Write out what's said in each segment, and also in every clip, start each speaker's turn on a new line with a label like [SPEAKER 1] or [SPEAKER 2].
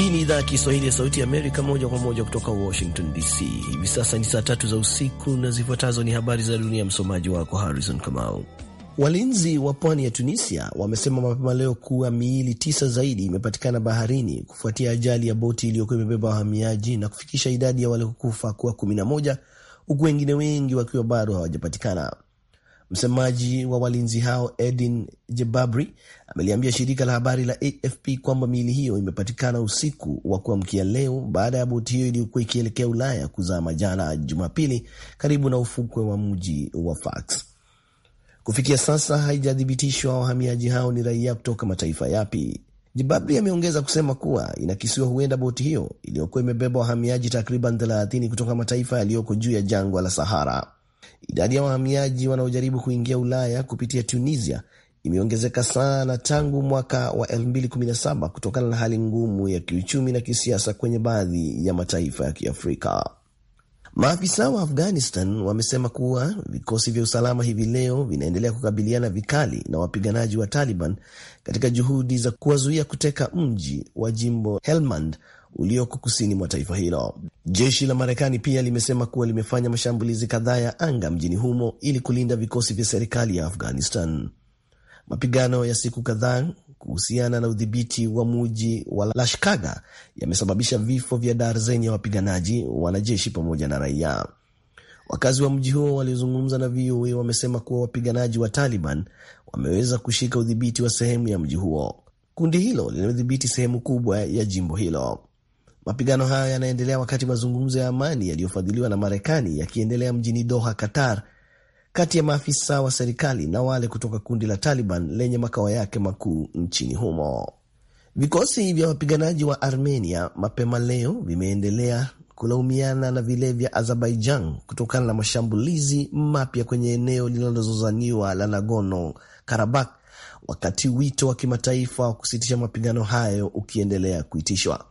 [SPEAKER 1] Hii ni idhaa ya Kiswahili ya Sauti ya Amerika, moja kwa moja kutoka Washington DC. Hivi sasa ni saa tatu za usiku na zifuatazo ni habari za dunia. Msomaji wako Harrison Kamau. Walinzi wa pwani ya Tunisia wamesema mapema leo kuwa miili tisa zaidi imepatikana baharini kufuatia ajali ya boti iliyokuwa imebeba wahamiaji na kufikisha idadi ya waliokufa kuwa kumi na moja huku wengine wengi wakiwa bado hawajapatikana. Msemaji wa walinzi hao Edin Jebabri ameliambia shirika la habari la AFP kwamba miili hiyo imepatikana usiku wa kuamkia leo baada ya boti hiyo iliyokuwa ikielekea Ulaya kuzama jana Jumapili karibu na ufukwe wa mji wa Fax. Kufikia sasa haijathibitishwa wahamiaji hao ni raia kutoka mataifa yapi. Jibabri ameongeza kusema kuwa inakisiwa huenda boti hiyo iliyokuwa imebeba wahamiaji takriban 30 kutoka mataifa yaliyoko juu ya jangwa la Sahara Idadi ya wahamiaji wanaojaribu kuingia Ulaya kupitia Tunisia imeongezeka sana tangu mwaka wa 2017 kutokana na hali ngumu ya kiuchumi na kisiasa kwenye baadhi ya mataifa ya Kiafrika. Maafisa wa Afghanistan wamesema kuwa vikosi vya usalama hivi leo vinaendelea kukabiliana vikali na wapiganaji wa Taliban katika juhudi za kuwazuia kuteka mji wa jimbo Helmand ulioko kusini mwa taifa hilo. Jeshi la Marekani pia limesema kuwa limefanya mashambulizi kadhaa ya anga mjini humo ili kulinda vikosi vya serikali ya Afghanistan. Mapigano ya siku kadhaa kuhusiana na udhibiti wa muji wa Lashkaga yamesababisha vifo vya darzeni ya wapiganaji, wanajeshi pamoja na raia. Wakazi wa mji huo waliozungumza na VOA wamesema kuwa wapiganaji wa Taliban wameweza kushika udhibiti wa sehemu ya mji huo. Kundi hilo linadhibiti sehemu kubwa ya jimbo hilo. Mapigano hayo yanaendelea wakati mazungumzo ya amani yaliyofadhiliwa na Marekani yakiendelea mjini Doha, Qatar, kati ya maafisa wa serikali na wale kutoka kundi la Taliban lenye makao yake makuu nchini humo. Vikosi vya wapiganaji wa Armenia mapema leo vimeendelea kulaumiana na vile vya Azerbaijan kutokana na mashambulizi mapya kwenye eneo linalozozaniwa la Nagorno Karabakh, wakati wito wa kimataifa wa kusitisha mapigano hayo ukiendelea kuitishwa.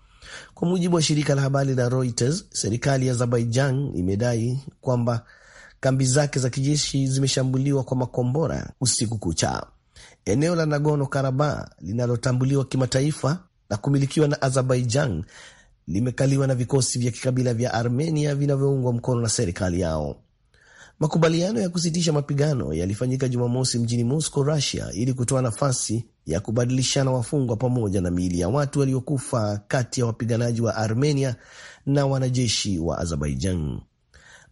[SPEAKER 1] Kwa mujibu wa shirika la habari la Reuters, serikali ya Azerbaijan imedai kwamba kambi zake za kijeshi zimeshambuliwa kwa makombora usiku kucha. Eneo la Nagorno Karabakh linalotambuliwa kimataifa na kumilikiwa na Azerbaijan limekaliwa na vikosi vya kikabila vya Armenia vinavyoungwa mkono na serikali yao. Makubaliano ya kusitisha mapigano yalifanyika Jumamosi mjini Moscow, Russia, ili kutoa nafasi ya kubadilishana wafungwa pamoja na miili ya watu waliokufa kati ya wapiganaji wa Armenia na wanajeshi wa Azerbaijan.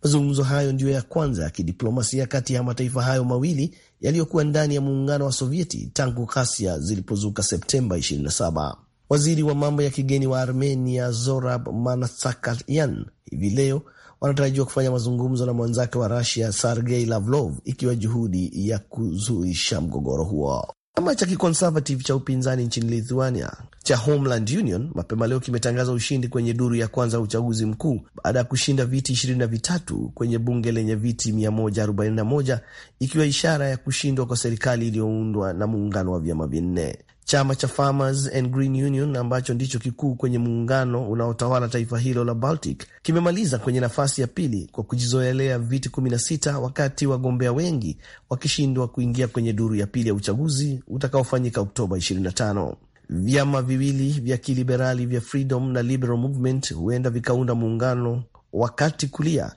[SPEAKER 1] Mazungumzo hayo ndiyo ya kwanza ya kidiplomasia kati ya mataifa hayo mawili yaliyokuwa ndani ya muungano wa Sovieti tangu ghasia zilipozuka Septemba 27. Waziri wa mambo ya kigeni wa Armenia Zorab Manasakyan hivi leo wanatarajiwa kufanya mazungumzo na mwenzake wa Rusia Sergei Lavrov, ikiwa juhudi ya kuzuisha mgogoro huo. Chama cha kiconservative cha upinzani nchini Lithuania cha Homeland Union mapema leo kimetangaza ushindi kwenye duru ya kwanza ya uchaguzi mkuu baada ya kushinda viti 23 kwenye bunge lenye viti 141 ikiwa ishara ya kushindwa kwa serikali iliyoundwa na muungano wa vyama vinne. Chama cha Farmers and Green Union ambacho ndicho kikuu kwenye muungano unaotawala taifa hilo la Baltic kimemaliza kwenye nafasi ya pili kwa kujizoelea viti 16 wakati wagombea wengi wakishindwa kuingia kwenye duru ya pili ya uchaguzi utakaofanyika Oktoba 25. Vyama viwili vya kiliberali vya Freedom na Liberal Movement huenda vikaunda muungano wa kati kulia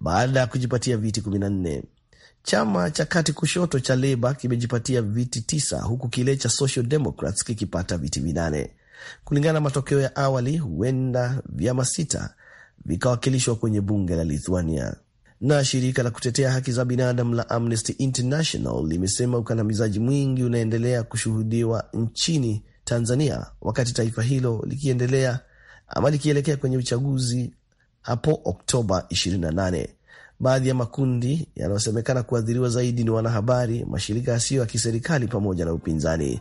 [SPEAKER 1] baada ya kujipatia viti nne Chama cha kati kushoto cha Leba kimejipatia viti tisa huku kile cha Social Democrats kikipata viti vinane. Kulingana na matokeo ya awali, huenda vyama sita vikawakilishwa kwenye bunge la Lithuania. Na shirika la kutetea haki za binadamu la Amnesty International limesema ukandamizaji mwingi unaendelea kushuhudiwa nchini Tanzania wakati taifa hilo likiendelea ama likielekea kwenye uchaguzi hapo Oktoba Baadhi ya makundi yanayosemekana kuathiriwa zaidi ni wanahabari, mashirika yasiyo ya kiserikali pamoja na upinzani.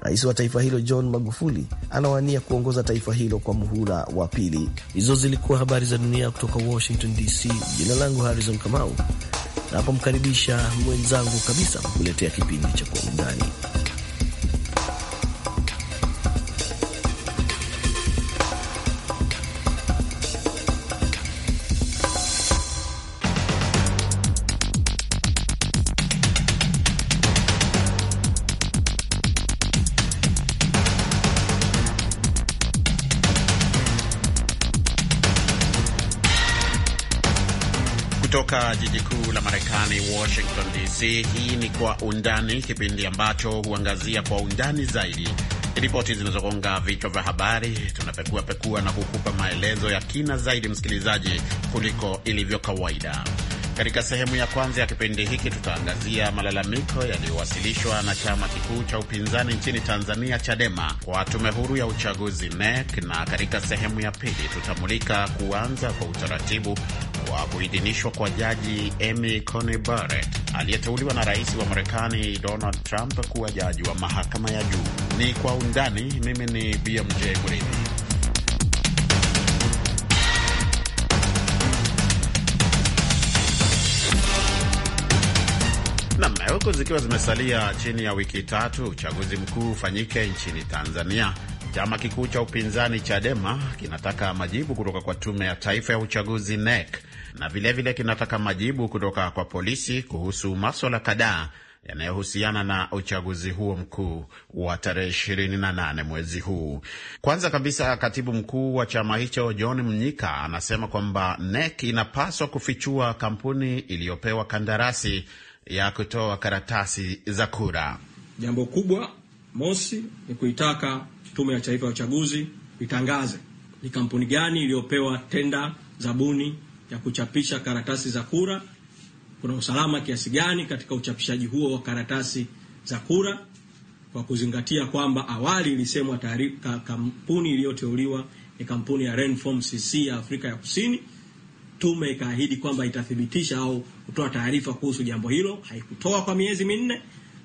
[SPEAKER 1] Rais wa taifa hilo John Magufuli anawania kuongoza taifa hilo kwa muhula wa pili. Hizo zilikuwa habari za dunia kutoka Washington DC. Jina langu Harrison Kamau, napomkaribisha mwenzangu kabisa kukuletea kipindi cha Kwa Undani.
[SPEAKER 2] jiji kuu la Marekani, Washington DC. Hii ni Kwa Undani, kipindi ambacho huangazia kwa undani zaidi ripoti zinazogonga vichwa vya habari. Tunapekua pekua na kukupa maelezo ya kina zaidi, msikilizaji, kuliko ilivyo kawaida. Katika sehemu ya kwanza ya kipindi hiki tutaangazia malalamiko yaliyowasilishwa na chama kikuu cha upinzani nchini Tanzania, CHADEMA, kwa tume huru ya uchaguzi NEC, na katika sehemu ya pili tutamulika kuanza kwa utaratibu wa kuidhinishwa kwa jaji Amy Coney Barrett aliyeteuliwa na rais wa Marekani Donald Trump kuwa jaji wa mahakama ya juu. Ni kwa undani. Mimi ni BMJ Mridhi. Huku zikiwa zimesalia chini ya wiki tatu uchaguzi mkuu ufanyike nchini Tanzania, chama kikuu cha upinzani Chadema kinataka majibu kutoka kwa tume ya taifa ya uchaguzi NEC na vilevile vile kinataka majibu kutoka kwa polisi kuhusu maswala kadhaa yanayohusiana na uchaguzi huo mkuu wa tarehe nane mwezi huu. Kwanza kabisa, katibu mkuu wa chama hicho John Mnyika anasema kwamba NEC inapaswa kufichua kampuni iliyopewa kandarasi ya kutoa karatasi za kura.
[SPEAKER 3] Jambo kubwa mosi ni kuitaka Tume ya Taifa ya Uchaguzi itangaze ni kampuni gani iliyopewa tenda zabuni ya kuchapisha karatasi za kura, kuna usalama kiasi gani katika uchapishaji huo wa karatasi za kura, kwa kuzingatia kwamba awali ilisemwa taarifa, kampuni iliyoteuliwa ni kampuni ya Renform CC ya Afrika ya Kusini. Tume ikaahidi kwamba itathibitisha au kutoa taarifa kuhusu jambo hilo, haikutoa kwa miezi minne.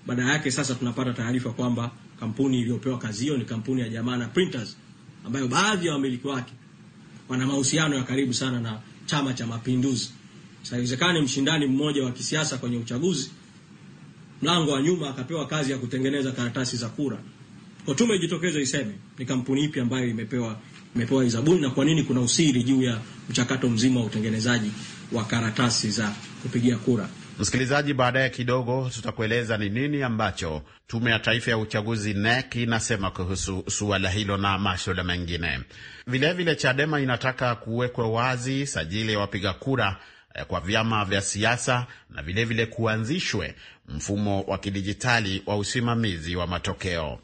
[SPEAKER 3] Baada yake sasa tunapata taarifa kwamba kampuni iliyopewa kazi hiyo ni kampuni ya Jamana Printers ambayo baadhi ya wamiliki wake wana mahusiano ya karibu sana na Chama cha Mapinduzi. Sasa mshindani mmoja wa kisiasa kwenye uchaguzi mlango wa nyuma akapewa kazi ya kutengeneza karatasi za kura. Kwa tume ijitokeze iseme ni kampuni ipi ambayo imepewa imepewa zabuni na kwa nini
[SPEAKER 2] kuna usiri juu ya mchakato mzima wa utengenezaji wa karatasi za kupigia kura. Msikilizaji, baadaye kidogo tutakueleza ni nini ambacho tume ya taifa ya uchaguzi NEC inasema kuhusu suala hilo na maswala mengine. Vilevile, Chadema inataka kuwekwe wazi sajili ya wapiga kura eh, kwa vyama vya siasa na vilevile vile kuanzishwe mfumo wa kidijitali wa usimamizi wa matokeo.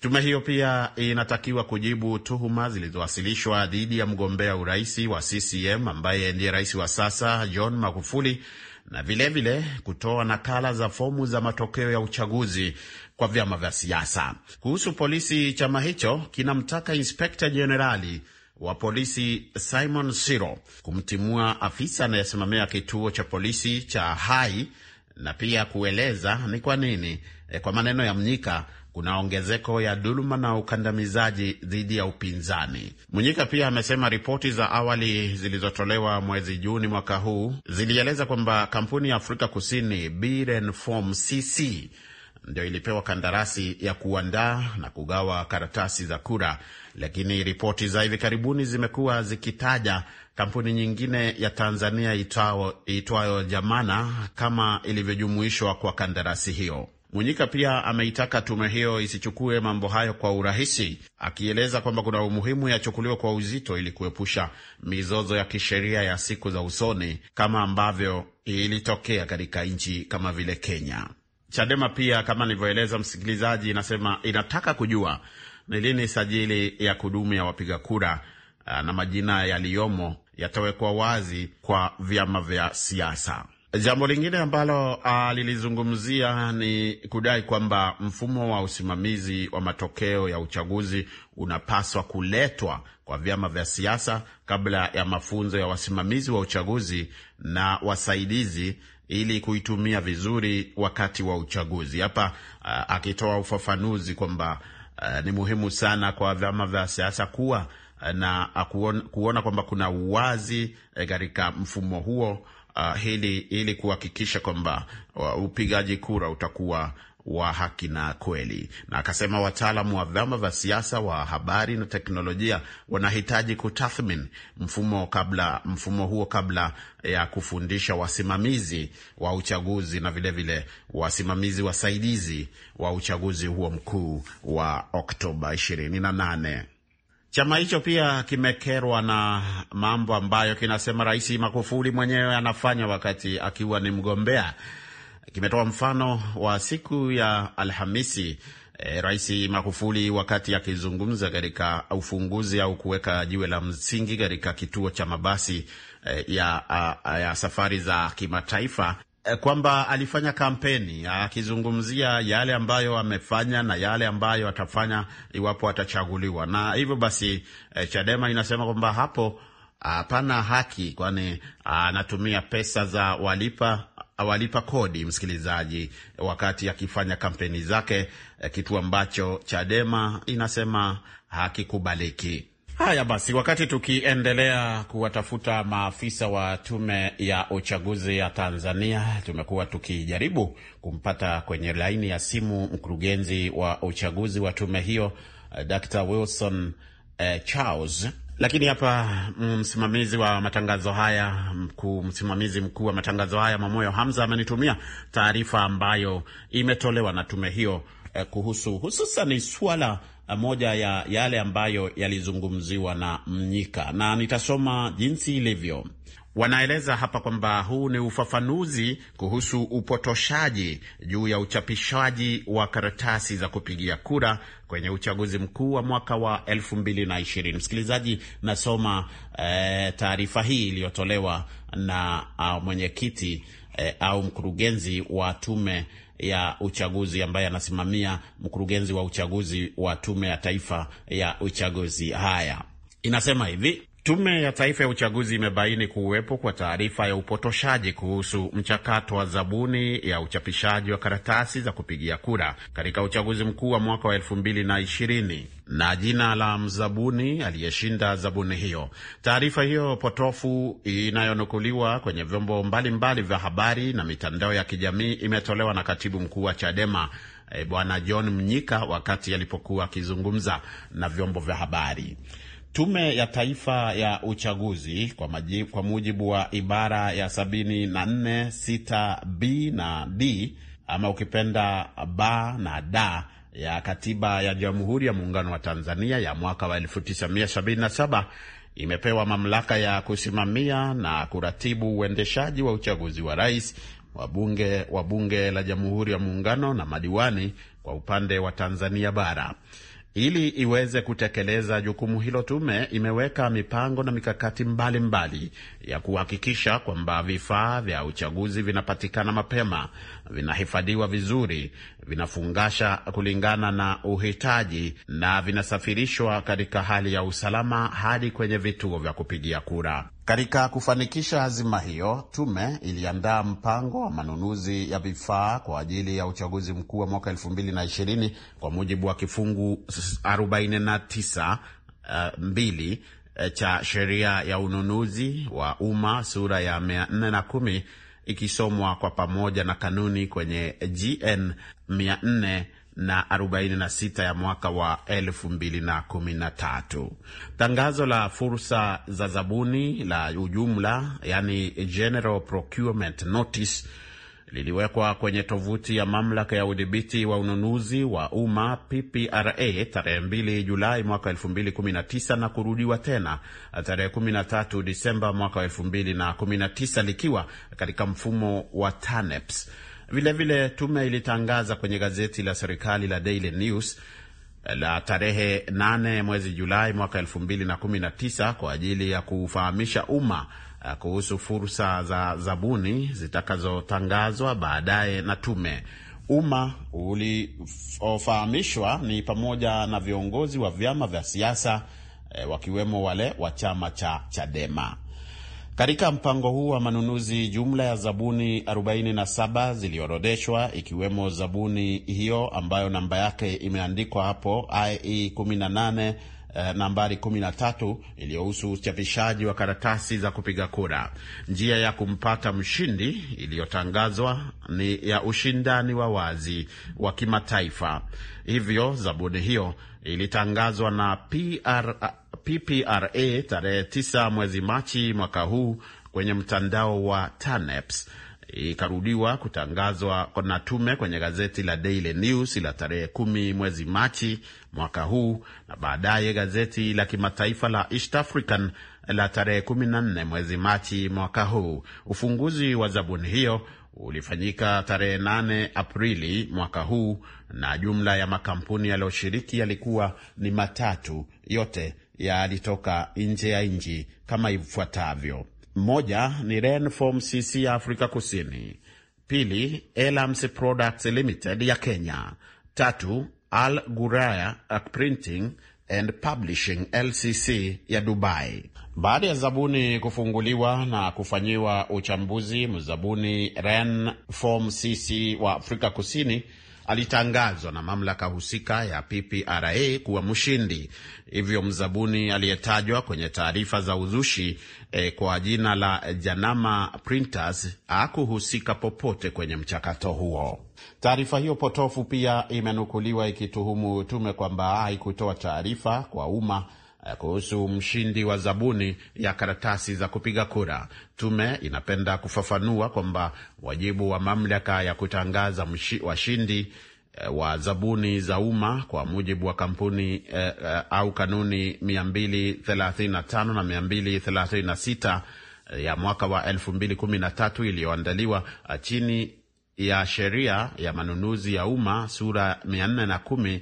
[SPEAKER 2] Tume hiyo pia inatakiwa kujibu tuhuma zilizowasilishwa dhidi ya mgombea urais wa CCM ambaye ndiye rais wa sasa John Magufuli na vilevile vile kutoa nakala za fomu za matokeo ya uchaguzi kwa vyama vya siasa. Kuhusu polisi, chama hicho kinamtaka inspekta jenerali wa polisi Simon Siro kumtimua afisa anayesimamia kituo cha polisi cha Hai na pia kueleza ni kwa nini, eh, kwa maneno ya Mnyika, kuna ongezeko ya dhuluma na ukandamizaji dhidi ya upinzani. Munyika pia amesema ripoti za awali zilizotolewa mwezi Juni mwaka huu zilieleza kwamba kampuni ya Afrika Kusini bcc CC ndio ilipewa kandarasi ya kuandaa na kugawa karatasi za kura, lakini ripoti za hivi karibuni zimekuwa zikitaja kampuni nyingine ya Tanzania itwayo Jamana kama ilivyojumuishwa kwa kandarasi hiyo. Munyika pia ameitaka tume hiyo isichukue mambo hayo kwa urahisi, akieleza kwamba kuna umuhimu yachukuliwe kwa uzito ili kuepusha mizozo ya kisheria ya siku za usoni kama ambavyo ilitokea katika nchi kama vile Kenya. Chadema pia kama nilivyoeleza msikilizaji, inasema inataka kujua ni lini sajili ya kudumu ya wapiga kura ah, na majina yaliyomo yatawekwa wazi kwa vyama vya siasa. Jambo lingine ambalo alilizungumzia ah, ni kudai kwamba mfumo wa usimamizi wa matokeo ya uchaguzi unapaswa kuletwa kwa vyama vya siasa kabla ya mafunzo ya wasimamizi wa uchaguzi na wasaidizi ili kuitumia vizuri wakati wa uchaguzi. Hapa ah, akitoa ufafanuzi kwamba uh, ni muhimu sana kwa vyama vya siasa kuwa na kuona, kuona kwamba kuna uwazi eh, katika mfumo huo uh, hili ili kuhakikisha kwamba uh, upigaji kura utakuwa wa haki na kweli. Na akasema wataalamu wa vyama vya siasa wa habari na teknolojia wanahitaji kutathmini mfumo kabla, mfumo huo kabla ya kufundisha wasimamizi wa uchaguzi na vilevile vile wasimamizi wasaidizi wa uchaguzi huo mkuu wa Oktoba 28. Chama hicho pia kimekerwa na mambo ambayo kinasema Rais Magufuli mwenyewe anafanya wakati akiwa ni mgombea. Kimetoa mfano wa siku ya Alhamisi e, Rais Magufuli wakati akizungumza katika ufunguzi au kuweka jiwe la msingi katika kituo cha mabasi eh, ya, ya safari za kimataifa Eh, kwamba alifanya kampeni akizungumzia yale ambayo amefanya na yale ambayo atafanya iwapo atachaguliwa, na hivyo basi e, Chadema inasema kwamba hapo hapana haki, kwani ah, anatumia pesa za walipa awalipa kodi msikilizaji, wakati akifanya kampeni zake, eh, kitu ambacho Chadema inasema hakikubaliki. Haya basi, wakati tukiendelea kuwatafuta maafisa wa tume ya uchaguzi ya Tanzania, tumekuwa tukijaribu kumpata kwenye laini ya simu mkurugenzi wa uchaguzi wa tume hiyo eh, Dr. Wilson eh, Charles lakini hapa mm, msimamizi wa matangazo haya mkuu, msimamizi mkuu wa matangazo haya Mamoyo Hamza amenitumia taarifa ambayo imetolewa na tume hiyo eh, kuhusu hususan swala moja ya yale ambayo yalizungumziwa na Mnyika, na nitasoma jinsi ilivyo. Wanaeleza hapa kwamba huu ni ufafanuzi kuhusu upotoshaji juu ya uchapishaji wa karatasi za kupigia kura kwenye uchaguzi mkuu wa mwaka wa 2020. Msikilizaji, nasoma e, taarifa hii iliyotolewa na ah, mwenyekiti e, au mkurugenzi wa tume ya uchaguzi ambaye anasimamia mkurugenzi wa uchaguzi wa tume ya taifa ya uchaguzi. Haya inasema hivi: Tume ya Taifa ya Uchaguzi imebaini kuwepo kwa taarifa ya upotoshaji kuhusu mchakato wa zabuni ya uchapishaji wa karatasi za kupigia kura katika uchaguzi mkuu wa mwaka wa elfu mbili na ishirini na jina la mzabuni aliyeshinda zabuni hiyo. Taarifa hiyo potofu inayonukuliwa kwenye vyombo mbalimbali vya habari na mitandao ya kijamii imetolewa na katibu mkuu wa Chadema e, Bwana John Mnyika wakati alipokuwa akizungumza na vyombo vya habari. Tume ya Taifa ya Uchaguzi kwa, majibu, kwa mujibu wa ibara ya 74 6b na d ama ukipenda ba na da ya katiba ya Jamhuri ya Muungano wa Tanzania ya mwaka wa 1977 imepewa mamlaka ya kusimamia na kuratibu uendeshaji wa uchaguzi wa rais, wabunge wa bunge la Jamhuri ya Muungano na madiwani kwa upande wa Tanzania bara. Ili iweze kutekeleza jukumu hilo, tume imeweka mipango na mikakati mbalimbali mbali ya kuhakikisha kwamba vifaa vya uchaguzi vinapatikana mapema, vinahifadhiwa vizuri vinafungasha kulingana na uhitaji na vinasafirishwa katika hali ya usalama hadi kwenye vituo vya kupigia kura. Katika kufanikisha azima hiyo, tume iliandaa mpango wa manunuzi ya vifaa kwa ajili ya uchaguzi mkuu wa mwaka 2020 kwa mujibu wa kifungu 49 uh, eh, mbili eh, cha sheria ya ununuzi wa umma sura ya 410 ikisomwa kwa pamoja na kanuni kwenye GN 446 ya mwaka wa 2013. Tangazo la fursa za zabuni la ujumla, yani General Procurement Notice liliwekwa kwenye tovuti ya mamlaka ya udhibiti wa ununuzi wa umma PPRA tarehe 2 Julai mwaka 2019 na kurudiwa tena tarehe 13 Disemba mwaka 2019 likiwa katika mfumo wa TANEPS. Vilevile tume ilitangaza kwenye gazeti la serikali la Daily News eh, la tarehe 8 mwezi Julai mwaka 2019 kwa ajili ya kuufahamisha umma Ah, kuhusu fursa za zabuni zitakazotangazwa baadaye na tume. Umma uliofahamishwa ni pamoja na viongozi wa vyama vya siasa e, wakiwemo wale wa chama cha Chadema. Katika mpango huu wa manunuzi, jumla ya zabuni 47 ziliorodeshwa, ikiwemo zabuni hiyo ambayo namba yake imeandikwa hapo IE 18 Eh, nambari 13 iliyohusu uchapishaji wa karatasi za kupiga kura. Njia ya kumpata mshindi iliyotangazwa ni ya ushindani wa wazi wa kimataifa. Hivyo zabuni hiyo ilitangazwa na PR, PPRA tarehe 9 mwezi Machi mwaka huu kwenye mtandao wa TANEPS ikarudiwa kutangazwa na tume kwenye gazeti la Daily News la tarehe kumi mwezi Machi mwaka huu na baadaye gazeti la kimataifa la East African la tarehe nne mwezi Machi mwaka huu. Ufunguzi wa zabuni hiyo ulifanyika tarehe 8 Aprili mwaka huu, na jumla ya makampuni yaliyoshiriki yalikuwa ni matatu. Yote yalitoka nje ya nchi kama ifuatavyo: moja ni Renform CC ya Afrika Kusini, pili Elams Products Limited ya Kenya, tatu Al Guraya Printing and Publishing LCC ya Dubai. Baada ya zabuni kufunguliwa na kufanyiwa uchambuzi, mzabuni Renform CC wa Afrika Kusini alitangazwa na mamlaka husika ya PPRA kuwa mshindi. Hivyo mzabuni aliyetajwa kwenye taarifa za uzushi e, kwa jina la Janama Printers hakuhusika popote kwenye mchakato huo. Taarifa hiyo potofu pia imenukuliwa ikituhumu tume kwamba haikutoa taarifa kwa umma Eh, kuhusu mshindi wa zabuni ya karatasi za kupiga kura. Tume inapenda kufafanua kwamba wajibu wa mamlaka ya kutangaza washindi eh, wa zabuni za umma kwa mujibu wa kampuni eh, eh au kanuni 235 na 236 ya mwaka wa 2013 iliyoandaliwa chini ya sheria ya manunuzi ya umma sura 410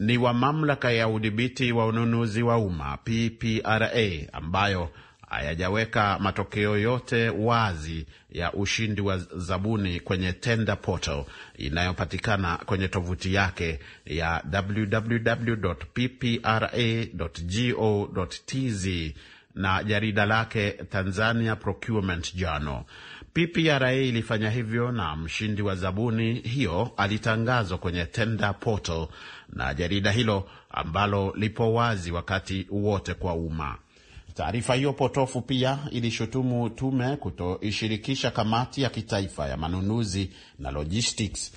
[SPEAKER 2] ni wa mamlaka ya udhibiti wa ununuzi wa umma PPRA, ambayo hayajaweka matokeo yote wazi ya ushindi wa zabuni kwenye tender portal inayopatikana kwenye tovuti yake ya www.ppra.go.tz na jarida lake Tanzania Procurement Journal. PPRA ilifanya hivyo na mshindi wa zabuni hiyo alitangazwa kwenye tender portal na jarida hilo ambalo lipo wazi wakati wote kwa umma. Taarifa hiyo potofu pia ilishutumu tume kutoishirikisha kamati ya kitaifa ya manunuzi na logistics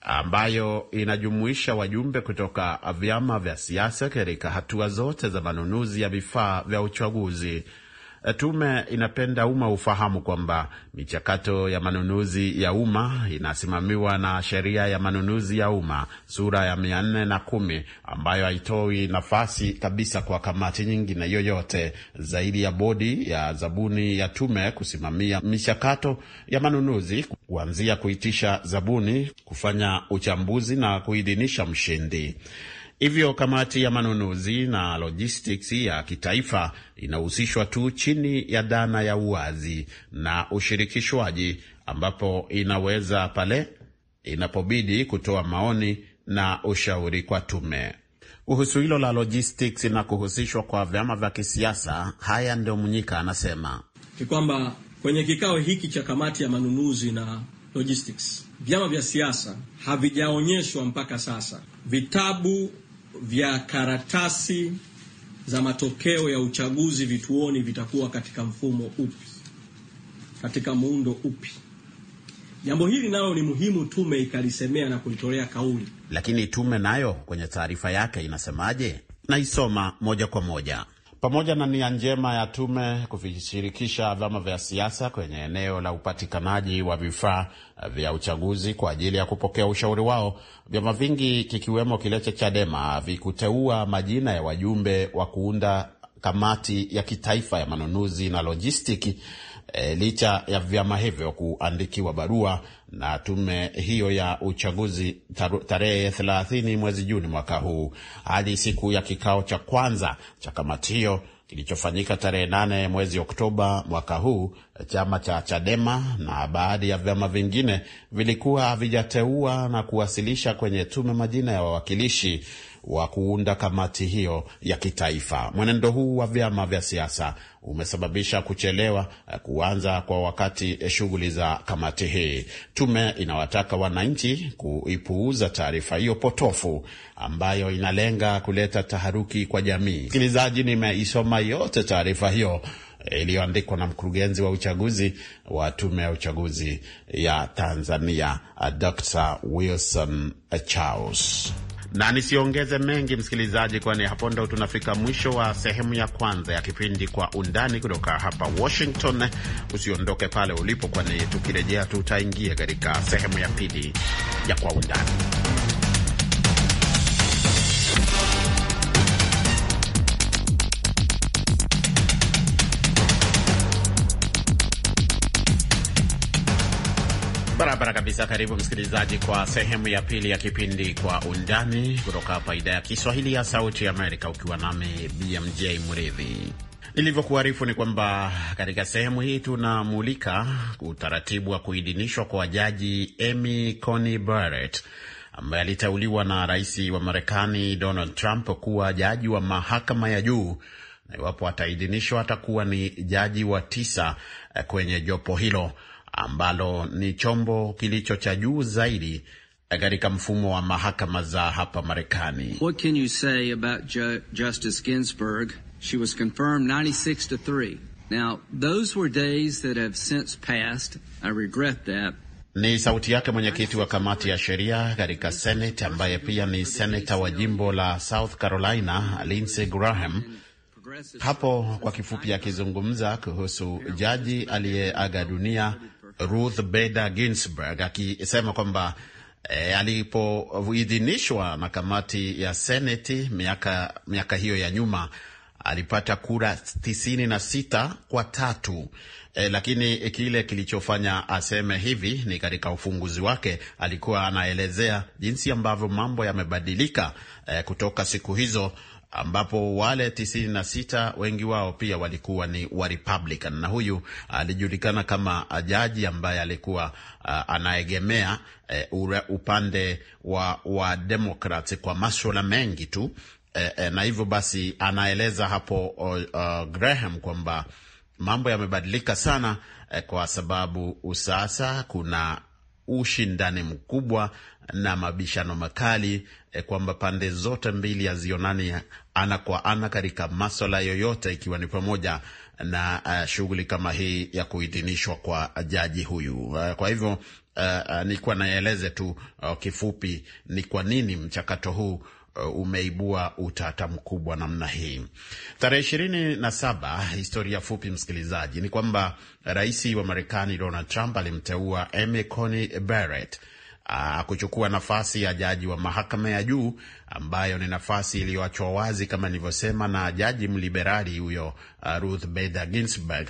[SPEAKER 2] ambayo inajumuisha wajumbe kutoka vyama vya siasa katika hatua zote za manunuzi ya vifaa vya uchaguzi Eh, tume inapenda umma ufahamu kwamba michakato ya manunuzi ya umma inasimamiwa na sheria ya manunuzi ya umma sura ya mia nne na kumi ambayo haitoi nafasi kabisa kwa kamati nyingine yoyote zaidi ya bodi ya zabuni ya tume kusimamia michakato ya manunuzi kuanzia kuitisha zabuni, kufanya uchambuzi na kuidhinisha mshindi. Hivyo kamati ya manunuzi na logistics ya kitaifa inahusishwa tu chini ya dhana ya uwazi na ushirikishwaji, ambapo inaweza pale inapobidi kutoa maoni na ushauri kwa tume kuhusu hilo la logistics na kuhusishwa kwa vyama vya kisiasa. Haya ndio Mnyika anasema
[SPEAKER 3] ni kwamba kwenye kikao hiki cha kamati ya manunuzi na logistics vyama vya siasa havijaonyeshwa mpaka sasa vitabu vya karatasi za matokeo ya uchaguzi vituoni vitakuwa katika mfumo upi, katika muundo upi? Jambo
[SPEAKER 2] hili nalo ni muhimu tume ikalisemea na kulitolea kauli. Lakini tume nayo kwenye taarifa yake inasemaje? Naisoma moja kwa moja pamoja na nia njema ya tume kuvishirikisha vyama vya siasa kwenye eneo la upatikanaji wa vifaa vya uchaguzi kwa ajili ya kupokea ushauri wao, vyama vingi kikiwemo kile cha Chadema vikuteua majina ya wajumbe wa kuunda kamati ya kitaifa ya manunuzi na lojistiki, e, eh, licha ya vyama hivyo kuandikiwa barua na tume hiyo ya uchaguzi tarehe 30 mwezi Juni mwaka huu hadi siku ya kikao cha kwanza cha kamati hiyo kilichofanyika tarehe nane mwezi Oktoba mwaka huu. Chama cha Chadema na baadhi ya vyama vingine vilikuwa havijateua na kuwasilisha kwenye tume majina ya wawakilishi wa kuunda kamati hiyo ya kitaifa. Mwenendo huu wa vyama vya siasa umesababisha kuchelewa eh, kuanza kwa wakati eh, shughuli za kamati hii. Tume inawataka wananchi kuipuuza taarifa hiyo potofu ambayo inalenga kuleta taharuki kwa jamii. Msikilizaji, nimeisoma yote taarifa hiyo eh, iliyoandikwa na mkurugenzi wa uchaguzi wa tume ya uchaguzi ya Tanzania, Dr Wilson Charles na nisiongeze mengi msikilizaji, kwani hapo ndo tunafika mwisho wa sehemu ya kwanza ya kipindi Kwa Undani kutoka hapa Washington. Usiondoke pale ulipo, kwani tukirejea tutaingia katika sehemu ya pili ya Kwa Undani. kabisa, karibu msikilizaji kwa sehemu ya pili ya kipindi Kwa Undani kutoka hapa idhaa ya Kiswahili ya Sauti ya Amerika, ukiwa nami BMJ Mridhi. Nilivyokuarifu ni kwamba katika sehemu hii tunamulika utaratibu wa kuidhinishwa kwa jaji Amy Coney Barrett ambaye aliteuliwa na rais wa Marekani Donald Trump kuwa jaji wa mahakama ya juu, na iwapo ataidhinishwa atakuwa ni jaji wa tisa kwenye jopo hilo ambalo ni chombo kilicho cha juu zaidi katika mfumo wa mahakama za hapa Marekani. What
[SPEAKER 4] can you say about Ju Justice Ginsburg? She was confirmed 96 to 3.
[SPEAKER 2] Now, those were days that have since passed. I regret that. Ni sauti yake mwenyekiti wa kamati ya sheria katika Senate ambaye pia ni seneta wa jimbo la South Carolina, Lindsey Graham. Hapo kwa kifupi akizungumza kuhusu jaji aliyeaga dunia Ruth Bader Ginsburg akisema kwamba E, alipoidhinishwa na kamati ya seneti miaka, miaka hiyo ya nyuma alipata kura tisini na sita kwa tatu e, lakini kile kilichofanya aseme hivi ni katika ufunguzi wake alikuwa anaelezea jinsi ambavyo mambo yamebadilika e, kutoka siku hizo ambapo wale 96 wengi wao pia walikuwa ni wa Republican, na huyu alijulikana kama jaji ambaye alikuwa uh, anaegemea uh, upande wa, wa Democrats kwa maswala mengi tu uh, uh, na hivyo basi anaeleza hapo uh, uh Graham kwamba mambo yamebadilika sana uh, kwa sababu sasa kuna ushindani mkubwa na mabishano makali eh, kwamba pande zote mbili hazionani ana kwa ana katika maswala yoyote, ikiwa ni pamoja na uh, shughuli kama hii ya kuidhinishwa kwa jaji huyu uh, kwa hivyo Uh, eh, uh, nikuwa naeleze tu uh, kifupi ni kwa nini mchakato huu uh, umeibua utata mkubwa namna hii. Tarehe ishirini na saba, historia fupi msikilizaji, ni kwamba rais wa Marekani Donald Trump alimteua Amy Coney Barrett Ah, kuchukua nafasi ya jaji wa mahakama ya juu ambayo ni nafasi iliyoachwa wazi kama nilivyosema na jaji mliberali huyo uh, Ruth Bader Ginsburg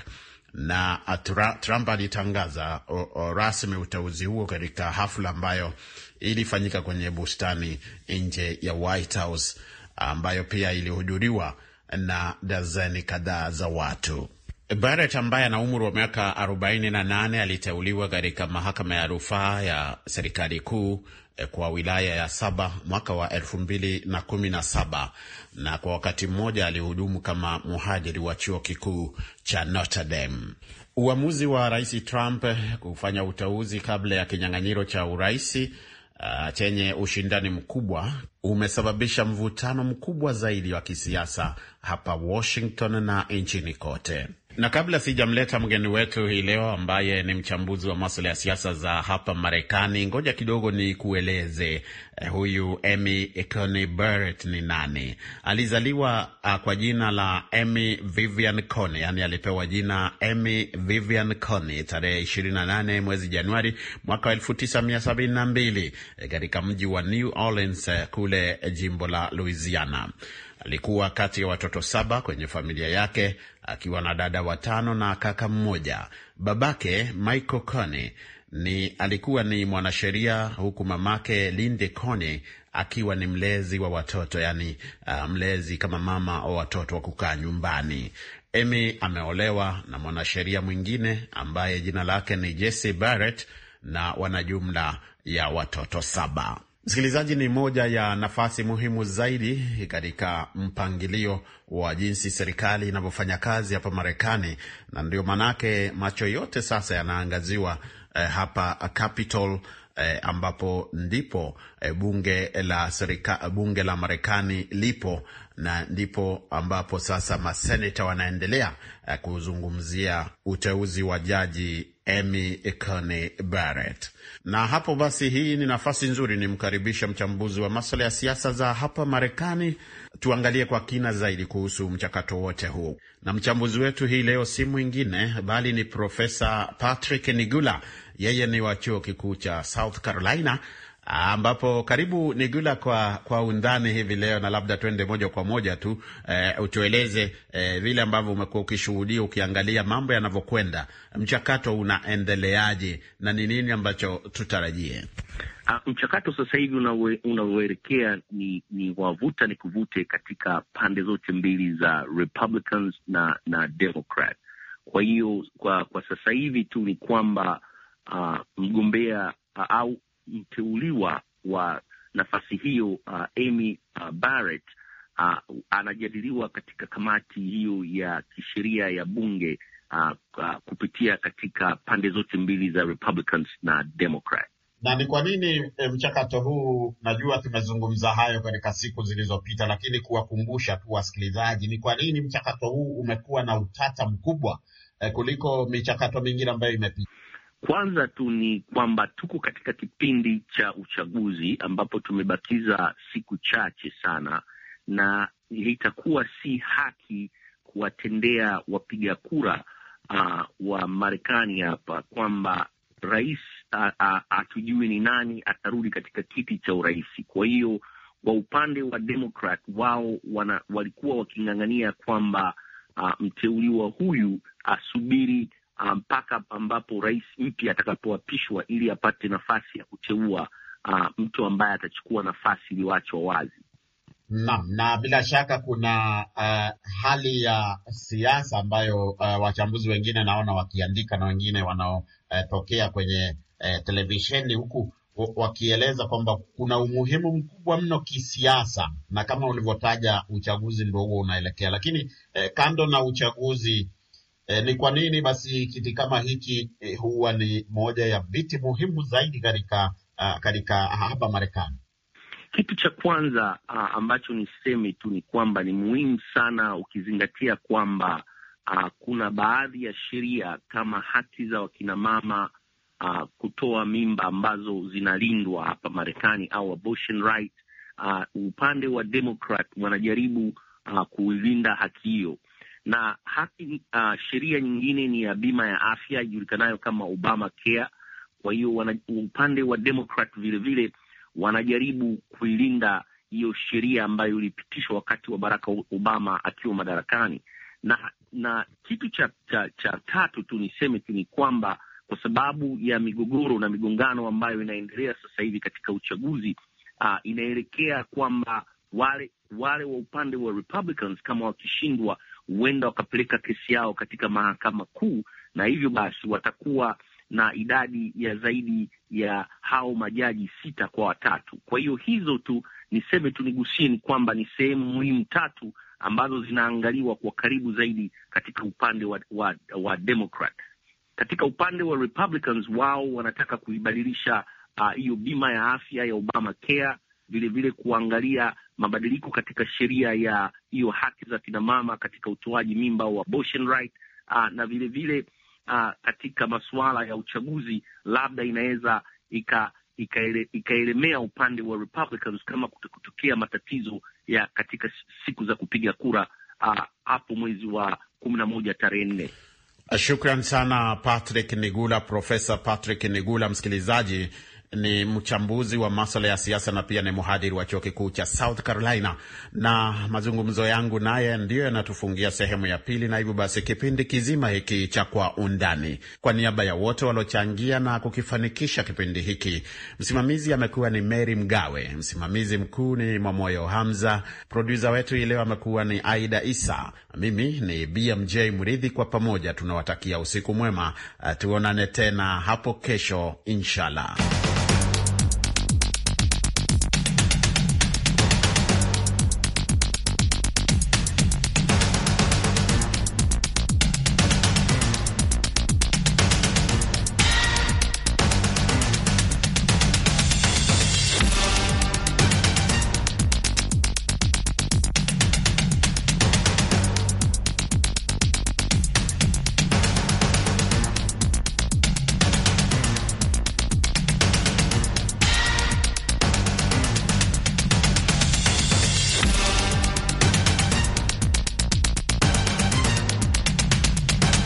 [SPEAKER 2] na ah, Trump alitangaza rasmi uteuzi huo katika hafla ambayo ilifanyika kwenye bustani nje ya White House ambayo pia ilihudhuriwa na dazeni kadhaa za watu. Barrett ambaye ana umri wa miaka 48 aliteuliwa katika mahakama ya rufaa ya serikali kuu eh, kwa wilaya ya saba mwaka wa 2017 na kwa wakati mmoja alihudumu kama muhadiri wa chuo kikuu cha Notre Dame. Uamuzi wa Rais Trump eh, kufanya uteuzi kabla ya kinyang'anyiro cha uraisi uh, ah, chenye ushindani mkubwa umesababisha mvutano mkubwa zaidi wa kisiasa hapa Washington na nchini kote. Na kabla sijamleta mgeni wetu hii leo ambaye ni mchambuzi wa masuala ya siasa za hapa Marekani, ngoja kidogo ni kueleze eh, huyu Amy Coney Barrett ni nani. Alizaliwa ah, kwa jina la Amy Vivian Coney, yani alipewa jina Amy Vivian Coney tarehe 28 mwezi Januari mwaka 1972 eh, katika mji wa New Orleans eh, kule jimbo la Louisiana. Alikuwa kati ya watoto saba kwenye familia yake akiwa na dada watano na kaka mmoja. Babake Michael Coney ni alikuwa ni mwanasheria huku mamake Linde Coney akiwa ni mlezi wa watoto yani, uh, mlezi kama mama wa watoto wa kukaa nyumbani. emy ameolewa na mwanasheria mwingine ambaye jina lake ni Jesse Barrett na wana jumla ya watoto saba. Msikilizaji, ni moja ya nafasi muhimu zaidi katika mpangilio wa jinsi serikali inavyofanya kazi hapa Marekani, na ndio maanake macho yote sasa yanaangaziwa eh, hapa Capitol eh, ambapo ndipo eh, bunge la serika, bunge la Marekani lipo na ndipo ambapo sasa maseneta wanaendelea eh, kuzungumzia uteuzi wa jaji Amy Coney Barrett. Na hapo basi, hii ni nafasi nzuri nimkaribisha mchambuzi wa masuala ya siasa za hapa Marekani, tuangalie kwa kina zaidi kuhusu mchakato wote huu na mchambuzi wetu hii leo si mwingine bali ni Profesa Patrick Nigula. Yeye ni wa chuo kikuu cha South Carolina ambapo karibu Nigula kwa, kwa undani hivi leo, na labda tuende moja kwa moja tu e, utueleze e, vile ambavyo umekuwa ukishuhudia ukiangalia mambo yanavyokwenda, mchakato unaendeleaje na ni nini ambacho tutarajie?
[SPEAKER 4] A, ah, mchakato sasa hivi unavyoelekea ni, ni wavuta ni kuvute katika pande zote mbili za Republicans na na Democrat. Kwa hiyo kwa, kwa sasa hivi tu ni kwamba ah, mgombea ah, au mteuliwa wa nafasi hiyo uh, Amy uh, Barrett uh, anajadiliwa katika kamati hiyo ya kisheria ya bunge uh, uh, kupitia katika pande zote mbili za Republicans na Democrat.
[SPEAKER 2] Na ni kwa nini e, mchakato huu, najua tumezungumza hayo katika siku zilizopita, lakini kuwakumbusha tu wasikilizaji, ni kwa nini mchakato huu umekuwa na utata mkubwa e, kuliko michakato mingine ambayo imepita? Kwanza tu ni kwamba tuko
[SPEAKER 4] katika kipindi cha uchaguzi ambapo tumebakiza siku chache sana, na itakuwa si haki kuwatendea wapiga kura uh, wa Marekani hapa kwamba rais hatujui ni nani atarudi katika kiti cha urais. Kwa hiyo kwa upande wa Democrat wao wana, walikuwa waking'ang'ania kwamba uh, mteuliwa huyu asubiri Ah, mpaka ambapo rais mpya atakapoapishwa ili apate nafasi ya kuteua uh, mtu ambaye atachukua nafasi iliyoachwa wazi.
[SPEAKER 2] Naam, na bila shaka kuna uh, hali ya siasa ambayo uh, wachambuzi wengine naona wakiandika na wengine wanaotokea uh, kwenye uh, televisheni huku wakieleza kwamba kuna umuhimu mkubwa mno kisiasa, na kama ulivyotaja uchaguzi ndio huo unaelekea. Lakini eh, kando na uchaguzi E, ni kwa nini basi kiti kama hiki e, huwa ni moja ya viti muhimu zaidi katika uh, katika hapa Marekani?
[SPEAKER 4] Kitu cha kwanza uh, ambacho niseme tu ni kwamba ni muhimu sana ukizingatia kwamba uh, kuna baadhi ya sheria kama haki za wakinamama uh, kutoa mimba ambazo zinalindwa hapa Marekani au abortion right. Uh, upande wa Democrat wanajaribu uh, kuilinda haki hiyo na haki uh, sheria nyingine ni ya bima ya afya ijulikanayo kama Obama Care. Kwa hiyo upande wa Democrat vilevile wanajaribu kuilinda hiyo sheria ambayo ilipitishwa wakati wa Barack Obama akiwa madarakani, na na kitu cha, cha, cha tatu tu niseme tu ni kwamba kwa sababu ya migogoro na migongano ambayo inaendelea sasa hivi katika uchaguzi uh, inaelekea kwamba wale wale wa upande wa Republicans kama wakishindwa huenda wakapeleka kesi yao katika mahakama kuu, na hivyo basi watakuwa na idadi ya zaidi ya hao majaji sita kwa watatu. Kwa hiyo hizo tu niseme tu nigusie ni kwamba ni sehemu muhimu tatu ambazo zinaangaliwa kwa karibu zaidi katika upande wa, wa, wa Democrat. Katika upande wa Republicans, wao wanataka kuibadilisha uh, hiyo uh, bima ya afya ya Obamacare, vilevile kuangalia mabadiliko katika sheria ya hiyo haki za kinamama katika utoaji mimba wa abortion right, uh, na vilevile vile, uh, katika masuala ya uchaguzi labda inaweza ika ikaelemea ele, ika upande wa Republicans kama kutokea matatizo ya katika siku za kupiga kura ah, hapo uh, mwezi wa kumi na moja tarehe nne.
[SPEAKER 2] Shukran sana Patrick Nigula, Profesa Patrick Nigula. Msikilizaji, ni mchambuzi wa maswala ya siasa na pia ni mhadhiri wa chuo kikuu cha South Carolina, na mazungumzo yangu naye ndiyo yanatufungia sehemu ya pili, na hivyo basi kipindi kizima hiki cha Kwa Undani, kwa niaba ya wote waliochangia na kukifanikisha kipindi hiki, msimamizi amekuwa ni Mary Mgawe, msimamizi mkuu ni mamoyo Hamza, produsa wetu hii leo amekuwa ni Aida Isa, mimi ni BMJ Mridhi. Kwa pamoja tunawatakia usiku mwema, tuonane tena hapo kesho inshallah.